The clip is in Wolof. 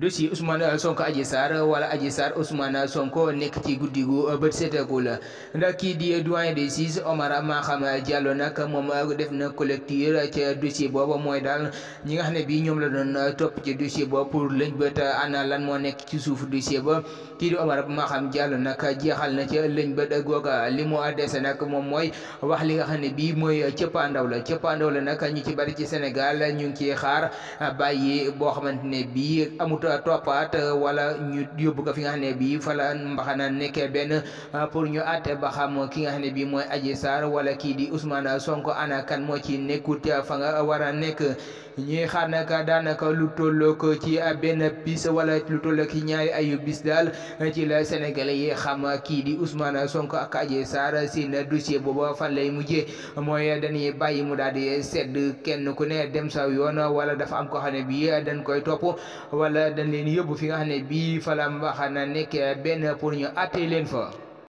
dossier Ousmane Sonko Adji Sarr wala Adji Sarr Ousmane Sonko nekk ci guddi gu bët seetagul ndax kii di doyen des juges Omar Maham Diallo nag moom def na collecteur ca dossier boobu mooy daal ñi nga xam ne bii ñoom la doon topp ci dossier boobu pour lëñ bët moo nekk ci suuf dossier ba kii di Omar Maham Diallo nag jeexal na ca lëñ a googa li mu dese nag moom mooy wax li nga xam ne bii mooy cëppaandaw la cëppaandaw la nag ñu ci bari ci Sénégal ñu ngi ciy xaar toppaat wala ñu yóbbu ko fi nga xam ne fala fa la mbaxana nekkee benn pour ñu àtte ba xam ki nga xam ne bii mooy Adji saar wala kii di Ousmane sonk ana kan moo ci nekkut fa nga war a nekk ñuy xaar nag daanaka lu tollook ci benn bis wala lu tollook ci ñaari ayu bis daal ci la Sénégalais yi xam kii di Ousmane Sonko ak Adji Sarr seen dossier boobu fan lay mujjee mooy dañuy bàyyi mu daal di sedd kenn ku ne dem sa yoon wala dafa am ko xam ne bii dañ koy topp wala dañ leen yóbbu fi nga xam ne bii fa la mbaxana nekkee benn pour ñu àttee leen fa